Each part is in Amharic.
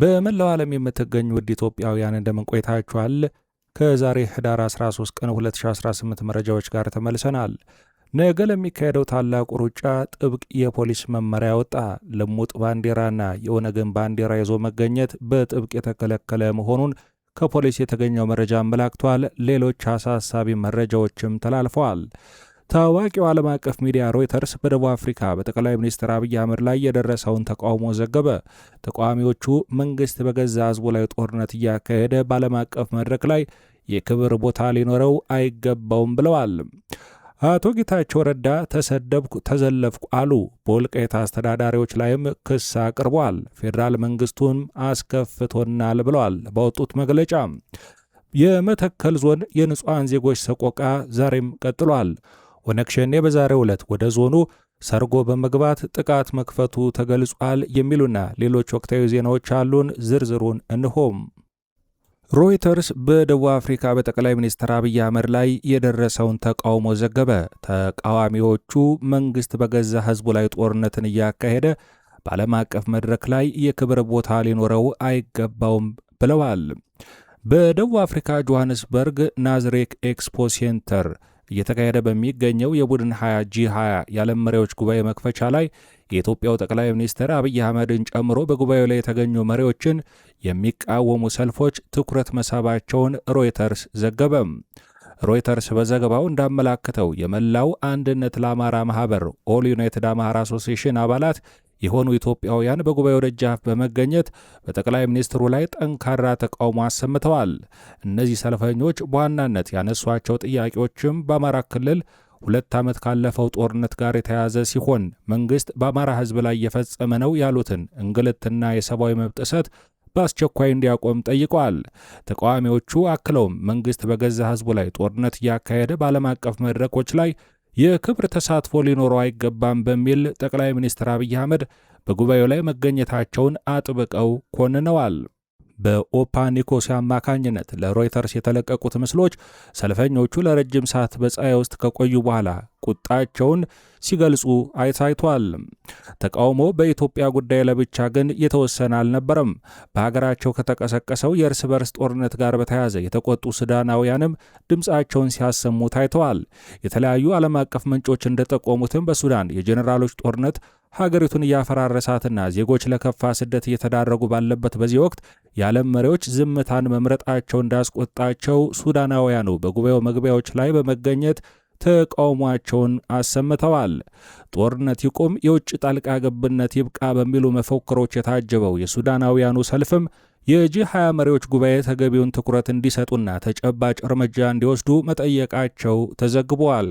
በመላው ዓለም የምትገኙ ውድ ኢትዮጵያውያን እንደምን ቆይታችኋል? ከዛሬ ህዳር 13 ቀን 2018 መረጃዎች ጋር ተመልሰናል። ነገ ለሚካሄደው ታላቁ ሩጫ ጥብቅ የፖሊስ መመሪያ ወጣ። ልሙጥ ባንዲራና የኦነግን ባንዲራ ይዞ መገኘት በጥብቅ የተከለከለ መሆኑን ከፖሊስ የተገኘው መረጃ አመላክቷል። ሌሎች አሳሳቢ መረጃዎችም ተላልፈዋል። ታዋቂው ዓለም አቀፍ ሚዲያ ሮይተርስ በደቡብ አፍሪካ በጠቅላይ ሚኒስትር አብይ አህመድ ላይ የደረሰውን ተቃውሞ ዘገበ። ተቃዋሚዎቹ መንግስት በገዛ ህዝቡ ላይ ጦርነት እያካሄደ በዓለም አቀፍ መድረክ ላይ የክብር ቦታ ሊኖረው አይገባውም ብለዋል። አቶ ጌታቸው ረዳ ተሰደብኩ፣ ተዘለፍኩ አሉ። በወልቃይት አስተዳዳሪዎች ላይም ክስ አቅርቧል። ፌዴራል መንግስቱን አስከፍቶናል ብለዋል በወጡት መግለጫ። የመተከል ዞን የንጹሐን ዜጎች ሰቆቃ ዛሬም ቀጥሏል። ኦነግ ሸኔ በዛሬው ዕለት ወደ ዞኑ ሰርጎ በመግባት ጥቃት መክፈቱ ተገልጿል። የሚሉና ሌሎች ወቅታዊ ዜናዎች አሉን። ዝርዝሩን እንሆም። ሮይተርስ በደቡብ አፍሪካ በጠቅላይ ሚኒስትር አብይ አህመድ ላይ የደረሰውን ተቃውሞ ዘገበ። ተቃዋሚዎቹ መንግስት በገዛ ህዝቡ ላይ ጦርነትን እያካሄደ በዓለም አቀፍ መድረክ ላይ የክብር ቦታ ሊኖረው አይገባውም ብለዋል። በደቡብ አፍሪካ ጆሐንስበርግ ናዝሬክ ኤክስፖ ሴንተር እየተካሄደ በሚገኘው የቡድን 20 ጂ20 የዓለም መሪዎች ጉባኤ መክፈቻ ላይ የኢትዮጵያው ጠቅላይ ሚኒስትር አብይ አህመድን ጨምሮ በጉባኤው ላይ የተገኙ መሪዎችን የሚቃወሙ ሰልፎች ትኩረት መሳባቸውን ሮይተርስ ዘገበም። ሮይተርስ በዘገባው እንዳመላክተው የመላው አንድነት ለአማራ ማህበር ኦል ዩናይትድ አማራ አሶሲሽን አባላት የሆኑ ኢትዮጵያውያን በጉባኤው ደጃፍ በመገኘት በጠቅላይ ሚኒስትሩ ላይ ጠንካራ ተቃውሞ አሰምተዋል። እነዚህ ሰልፈኞች በዋናነት ያነሷቸው ጥያቄዎችም በአማራ ክልል ሁለት ዓመት ካለፈው ጦርነት ጋር የተያያዘ ሲሆን መንግሥት በአማራ ሕዝብ ላይ እየፈጸመ ነው ያሉትን እንግልትና የሰብአዊ መብት ጥሰት በአስቸኳይ እንዲያቆም ጠይቋል። ተቃዋሚዎቹ አክለውም መንግሥት በገዛ ሕዝቡ ላይ ጦርነት እያካሄደ በዓለም አቀፍ መድረኮች ላይ የክብር ተሳትፎ ሊኖረው አይገባም በሚል ጠቅላይ ሚኒስትር አብይ አህመድ በጉባኤው ላይ መገኘታቸውን አጥብቀው ኮንነዋል። በኦፓ አማካኝነት ለሮይተርስ የተለቀቁት ምስሎች ሰልፈኞቹ ለረጅም ሰዓት በፀሐይ ውስጥ ከቆዩ በኋላ ቁጣቸውን ሲገልጹ አይታይቷል። ተቃውሞ በኢትዮጵያ ጉዳይ ለብቻ ግን የተወሰነ አልነበረም። በሀገራቸው ከተቀሰቀሰው የእርስ በርስ ጦርነት ጋር በተያያዘ የተቆጡ ሱዳናውያንም ድምፃቸውን ሲያሰሙ ታይተዋል። የተለያዩ ዓለም አቀፍ ምንጮች እንደጠቆሙትም በሱዳን የጀኔራሎች ጦርነት ሀገሪቱን እያፈራረሳትና ዜጎች ለከፋ ስደት እየተዳረጉ ባለበት በዚህ ወቅት የዓለም መሪዎች ዝምታን መምረጣቸው እንዳስቆጣቸው ሱዳናውያኑ በጉባኤው መግቢያዎች ላይ በመገኘት ተቃውሟቸውን አሰምተዋል። ጦርነት ይቁም፣ የውጭ ጣልቃ ገብነት ይብቃ በሚሉ መፈክሮች የታጀበው የሱዳናውያኑ ሰልፍም የጂ 20 መሪዎች ጉባኤ ተገቢውን ትኩረት እንዲሰጡና ተጨባጭ እርምጃ እንዲወስዱ መጠየቃቸው ተዘግቧል።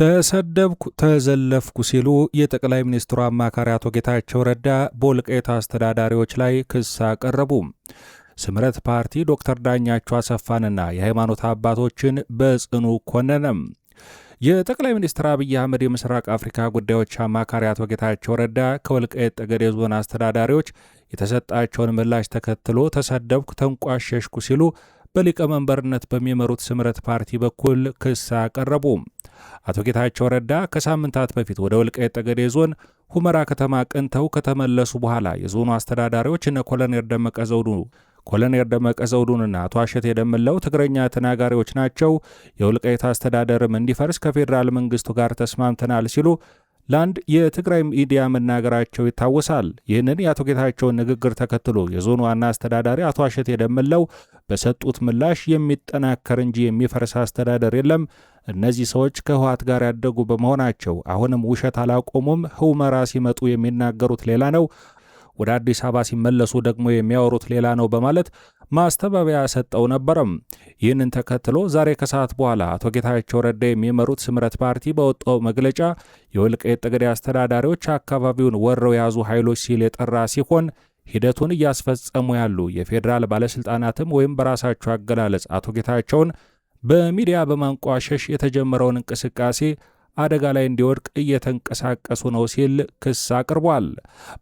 ተሰደብኩ፣ ተዘለፍኩ ሲሉ የጠቅላይ ሚኒስትሩ አማካሪ አቶ ጌታቸው ረዳ በወልቃይት አስተዳዳሪዎች ላይ ክስ አቀረቡ። ስምረት ፓርቲ ዶክተር ዳኛቸው አሰፋንና የሃይማኖት አባቶችን በጽኑ ኮነነም። የጠቅላይ ሚኒስትር አብይ አህመድ የምስራቅ አፍሪካ ጉዳዮች አማካሪ አቶ ጌታቸው ረዳ ከወልቃይት ጠገዴ ዞን አስተዳዳሪዎች የተሰጣቸውን ምላሽ ተከትሎ ተሰደብኩ፣ ተንቋሸሽኩ ሲሉ በሊቀመንበርነት በሚመሩት ስምረት ፓርቲ በኩል ክስ አቀረቡ። አቶ ጌታቸው ረዳ ከሳምንታት በፊት ወደ ወልቃይት ጠገዴ ዞን ሁመራ ከተማ ቅንተው ከተመለሱ በኋላ የዞኑ አስተዳዳሪዎች እነ ኮሎኔል ደመቀ ዘውዱ ኮሎኔል ደመቀ ዘውዱንና አቶ አሸቴ ደምለው ትግረኛ ተናጋሪዎች ናቸው፣ የውልቃይት አስተዳደርም እንዲፈርስ ከፌዴራል መንግስቱ ጋር ተስማምተናል ሲሉ ለአንድ የትግራይ ሚዲያ መናገራቸው ይታወሳል። ይህንን የአቶ ጌታቸውን ንግግር ተከትሎ የዞኑ ዋና አስተዳዳሪ አቶ አሸቴ ደምለው በሰጡት ምላሽ የሚጠናከር እንጂ የሚፈርስ አስተዳደር የለም፣ እነዚህ ሰዎች ከህወሓት ጋር ያደጉ በመሆናቸው አሁንም ውሸት አላቆሙም፣ ህውመራ ሲመጡ የሚናገሩት ሌላ ነው ወደ አዲስ አበባ ሲመለሱ ደግሞ የሚያወሩት ሌላ ነው በማለት ማስተባበያ ሰጠው ነበረም። ይህንን ተከትሎ ዛሬ ከሰዓት በኋላ አቶ ጌታቸው ረዳ የሚመሩት ስምረት ፓርቲ በወጣው መግለጫ የወልቃይት ጠገዴ አስተዳዳሪዎች አካባቢውን ወረው የያዙ ኃይሎች ሲል የጠራ ሲሆን ሂደቱን እያስፈጸሙ ያሉ የፌዴራል ባለሥልጣናትም ወይም በራሳቸው አገላለጽ አቶ ጌታቸውን በሚዲያ በማንቋሸሽ የተጀመረውን እንቅስቃሴ አደጋ ላይ እንዲወድቅ እየተንቀሳቀሱ ነው ሲል ክስ አቅርቧል።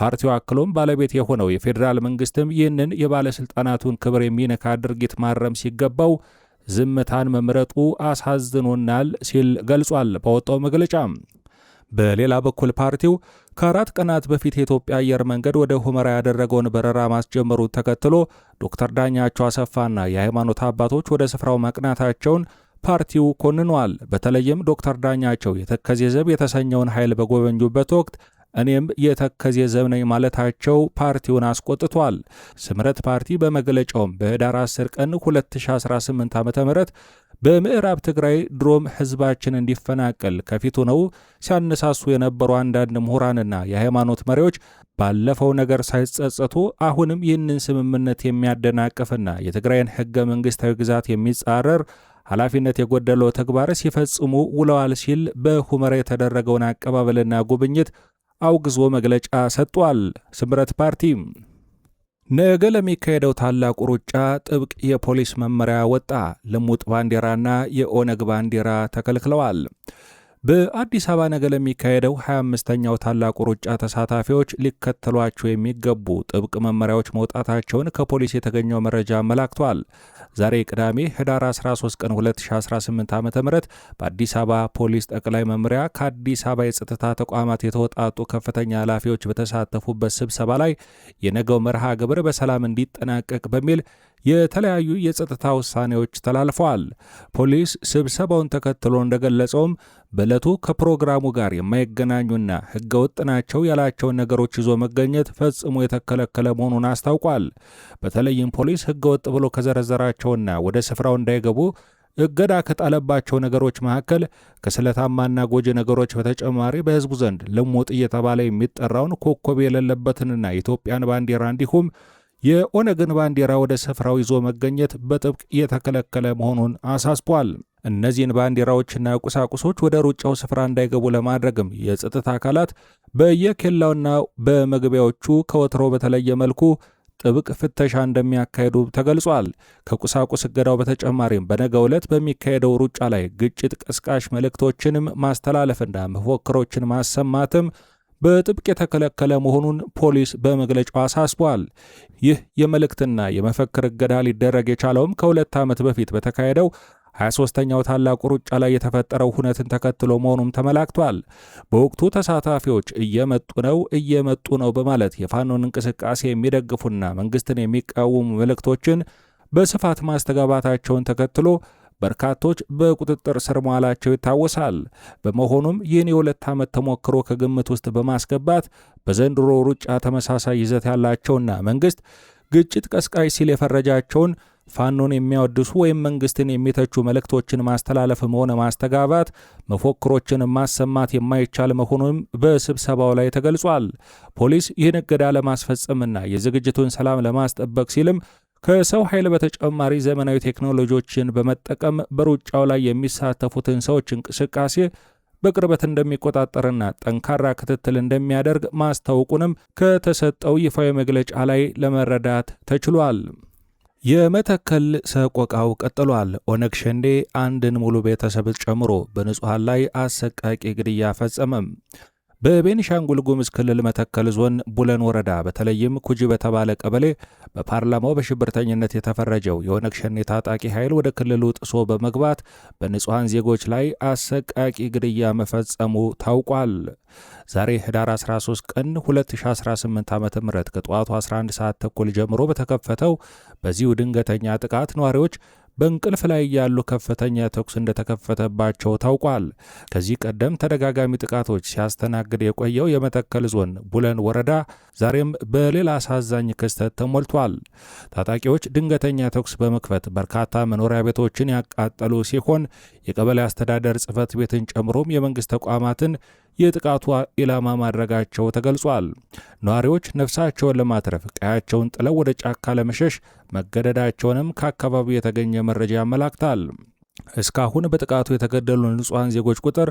ፓርቲው አክሎም ባለቤት የሆነው የፌዴራል መንግስትም ይህንን የባለሥልጣናቱን ክብር የሚነካ ድርጊት ማረም ሲገባው ዝምታን መምረጡ አሳዝኖናል ሲል ገልጿል በወጣው መግለጫ። በሌላ በኩል ፓርቲው ከአራት ቀናት በፊት የኢትዮጵያ አየር መንገድ ወደ ሁመራ ያደረገውን በረራ ማስጀመሩን ተከትሎ ዶክተር ዳኛቸው አሰፋና የሃይማኖት አባቶች ወደ ስፍራው ማቅናታቸውን ፓርቲው ኮንኗል። በተለይም ዶክተር ዳኛቸው የተከዜ ዘብ የተሰኘውን ኃይል በጎበኙበት ወቅት እኔም የተከዜ ዘብ ነኝ ማለታቸው ፓርቲውን አስቆጥቷል። ስምረት ፓርቲ በመግለጫውም በህዳር 10 ቀን 2018 ዓ ም በምዕራብ ትግራይ ድሮም ሕዝባችን እንዲፈናቀል ከፊቱ ነው ሲያነሳሱ የነበሩ አንዳንድ ምሁራንና የሃይማኖት መሪዎች ባለፈው ነገር ሳይጸጸቱ አሁንም ይህንን ስምምነት የሚያደናቅፍና የትግራይን ሕገ መንግሥታዊ ግዛት የሚጻረር ኃላፊነት የጎደለው ተግባር ሲፈጽሙ ውለዋል ሲል በሁመራ የተደረገውን አቀባበልና ጉብኝት አውግዞ መግለጫ ሰጥቷል። ስምረት ፓርቲ ነገ ለሚካሄደው ታላቁ ሩጫ ጥብቅ የፖሊስ መመሪያ ወጣ። ልሙጥ ባንዲራና የኦነግ ባንዲራ ተከልክለዋል። በአዲስ አበባ ነገ ለሚካሄደው 25ኛው ታላቁ ሩጫ ተሳታፊዎች ሊከተሏቸው የሚገቡ ጥብቅ መመሪያዎች መውጣታቸውን ከፖሊስ የተገኘው መረጃ አመላክቷል። ዛሬ ቅዳሜ ህዳር 13 ቀን 2018 ዓ ም በአዲስ አበባ ፖሊስ ጠቅላይ መምሪያ ከአዲስ አበባ የጸጥታ ተቋማት የተወጣጡ ከፍተኛ ኃላፊዎች በተሳተፉበት ስብሰባ ላይ የነገው መርሃ ግብር በሰላም እንዲጠናቀቅ በሚል የተለያዩ የጸጥታ ውሳኔዎች ተላልፈዋል። ፖሊስ ስብሰባውን ተከትሎ እንደገለጸውም በዕለቱ ከፕሮግራሙ ጋር የማይገናኙና ወጥ ናቸው ያላቸውን ነገሮች ይዞ መገኘት ፈጽሞ የተከለከለ መሆኑን አስታውቋል። በተለይም ፖሊስ ወጥ ብሎ ከዘረዘራቸውና ወደ ስፍራው እንዳይገቡ እገዳ ከጣለባቸው ነገሮች መካከል ከስለታማና ጎጂ ነገሮች በተጨማሪ በሕዝቡ ዘንድ ልሙጥ እየተባለ የሚጠራውን ኮከብ የሌለበትንና የኢትዮጵያን ባንዲራ እንዲሁም የኦነግን ባንዲራ ወደ ስፍራው ይዞ መገኘት በጥብቅ የተከለከለ መሆኑን አሳስቧል። እነዚህን ባንዲራዎችና ቁሳቁሶች ወደ ሩጫው ስፍራ እንዳይገቡ ለማድረግም የጸጥታ አካላት በየኬላውና በመግቢያዎቹ ከወትሮ በተለየ መልኩ ጥብቅ ፍተሻ እንደሚያካሄዱ ተገልጿል። ከቁሳቁስ እገዳው በተጨማሪም በነገ ዕለት በሚካሄደው ሩጫ ላይ ግጭት ቀስቃሽ መልእክቶችንም ማስተላለፍና መፎክሮችን ማሰማትም በጥብቅ የተከለከለ መሆኑን ፖሊስ በመግለጫው አሳስቧል። ይህ የመልእክትና የመፈክር እገዳ ሊደረግ የቻለውም ከሁለት ዓመት በፊት በተካሄደው 23ኛው ታላቁ ሩጫ ላይ የተፈጠረው ሁነትን ተከትሎ መሆኑም ተመላክቷል። በወቅቱ ተሳታፊዎች እየመጡ ነው እየመጡ ነው በማለት የፋኖን እንቅስቃሴ የሚደግፉና መንግስትን የሚቃወሙ መልእክቶችን በስፋት ማስተጋባታቸውን ተከትሎ በርካቶች በቁጥጥር ስር መዋላቸው ይታወሳል። በመሆኑም ይህን የሁለት ዓመት ተሞክሮ ከግምት ውስጥ በማስገባት በዘንድሮ ሩጫ ተመሳሳይ ይዘት ያላቸውና መንግስት ግጭት ቀስቃሽ ሲል የፈረጃቸውን ፋኖን የሚያወድሱ ወይም መንግስትን የሚተቹ መልእክቶችን ማስተላለፍም ሆነ ማስተጋባት መፎክሮችን ማሰማት የማይቻል መሆኑም በስብሰባው ላይ ተገልጿል። ፖሊስ ይህን እገዳ ለማስፈጸምና የዝግጅቱን ሰላም ለማስጠበቅ ሲልም ከሰው ኃይል በተጨማሪ ዘመናዊ ቴክኖሎጂዎችን በመጠቀም በሩጫው ላይ የሚሳተፉትን ሰዎች እንቅስቃሴ በቅርበት እንደሚቆጣጠርና ጠንካራ ክትትል እንደሚያደርግ ማስታወቁንም ከተሰጠው ይፋዊ መግለጫ ላይ ለመረዳት ተችሏል። የመተከል ሰቆቃው ቀጥሏል። ኦነግ ሸንዴ አንድን ሙሉ ቤተሰብ ጨምሮ በንጹሐን ላይ አሰቃቂ ግድያ ፈጸመም። በቤኒሻንጉል ጉሙዝ ክልል መተከል ዞን ቡለን ወረዳ በተለይም ኩጂ በተባለ ቀበሌ በፓርላማው በሽብርተኝነት የተፈረጀው የኦነግ ሸኔ ታጣቂ ኃይል ወደ ክልሉ ጥሶ በመግባት በንጹሐን ዜጎች ላይ አሰቃቂ ግድያ መፈጸሙ ታውቋል። ዛሬ ህዳር 13 ቀን 2018 ዓ ም ከጠዋቱ 11 ሰዓት ተኩል ጀምሮ በተከፈተው በዚሁ ድንገተኛ ጥቃት ነዋሪዎች በእንቅልፍ ላይ ያሉ ከፍተኛ ተኩስ እንደተከፈተባቸው ታውቋል። ከዚህ ቀደም ተደጋጋሚ ጥቃቶች ሲያስተናግድ የቆየው የመተከል ዞን ቡለን ወረዳ ዛሬም በሌላ አሳዛኝ ክስተት ተሞልቷል። ታጣቂዎች ድንገተኛ ተኩስ በመክፈት በርካታ መኖሪያ ቤቶችን ያቃጠሉ ሲሆን የቀበሌ አስተዳደር ጽህፈት ቤትን ጨምሮም የመንግስት ተቋማትን የጥቃቱ ኢላማ ማድረጋቸው ተገልጿል። ነዋሪዎች ነፍሳቸውን ለማትረፍ ቀያቸውን ጥለው ወደ ጫካ ለመሸሽ መገደዳቸውንም ከአካባቢው የተገኘ መረጃ ያመላክታል። እስካሁን በጥቃቱ የተገደሉ ንጹሐን ዜጎች ቁጥር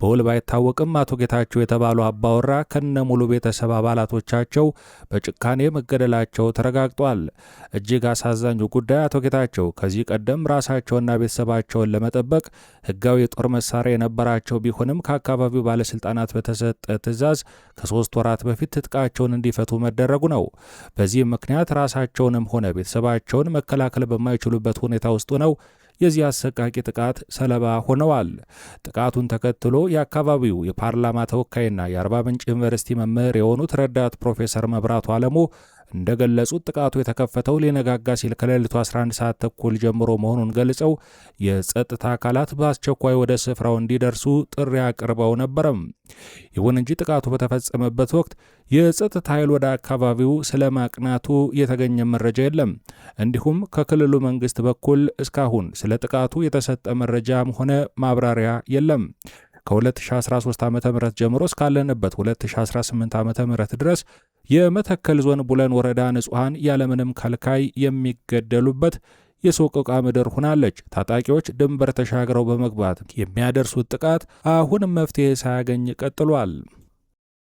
በውል ባይታወቅም አቶ ጌታቸው የተባሉ አባወራ ከነ ሙሉ ቤተሰብ አባላቶቻቸው በጭካኔ መገደላቸው ተረጋግጧል። እጅግ አሳዛኙ ጉዳይ አቶ ጌታቸው ከዚህ ቀደም ራሳቸውና ቤተሰባቸውን ለመጠበቅ ህጋዊ የጦር መሳሪያ የነበራቸው ቢሆንም ከአካባቢው ባለስልጣናት በተሰጠ ትዕዛዝ ከሶስት ወራት በፊት ትጥቃቸውን እንዲፈቱ መደረጉ ነው። በዚህም ምክንያት ራሳቸውንም ሆነ ቤተሰባቸውን መከላከል በማይችሉበት ሁኔታ ውስጥ ነው የዚህ አሰቃቂ ጥቃት ሰለባ ሆነዋል። ጥቃቱን ተከትሎ የአካባቢው የፓርላማ ተወካይና የአርባ ምንጭ ዩኒቨርሲቲ መምህር የሆኑት ረዳት ፕሮፌሰር መብራቱ አለሙ እንደገለጹት ጥቃቱ የተከፈተው ሊነጋጋ ሲል ከሌሊቱ 11 ሰዓት ተኩል ጀምሮ መሆኑን ገልጸው የጸጥታ አካላት በአስቸኳይ ወደ ስፍራው እንዲደርሱ ጥሪ አቅርበው ነበረም። ይሁን እንጂ ጥቃቱ በተፈጸመበት ወቅት የጸጥታ ኃይል ወደ አካባቢው ስለ ማቅናቱ የተገኘ መረጃ የለም። እንዲሁም ከክልሉ መንግስት በኩል እስካሁን ስለ ጥቃቱ የተሰጠ መረጃም ሆነ ማብራሪያ የለም። ከ2013 ዓ ም ጀምሮ እስካለንበት 2018 ዓ ም ድረስ የመተከል ዞን ቡለን ወረዳ ንጹሐን ያለምንም ከልካይ የሚገደሉበት የሰው ቆቃ ምድር ሆናለች። ታጣቂዎች ድንበር ተሻግረው በመግባት የሚያደርሱት ጥቃት አሁንም መፍትሄ ሳያገኝ ቀጥሏል።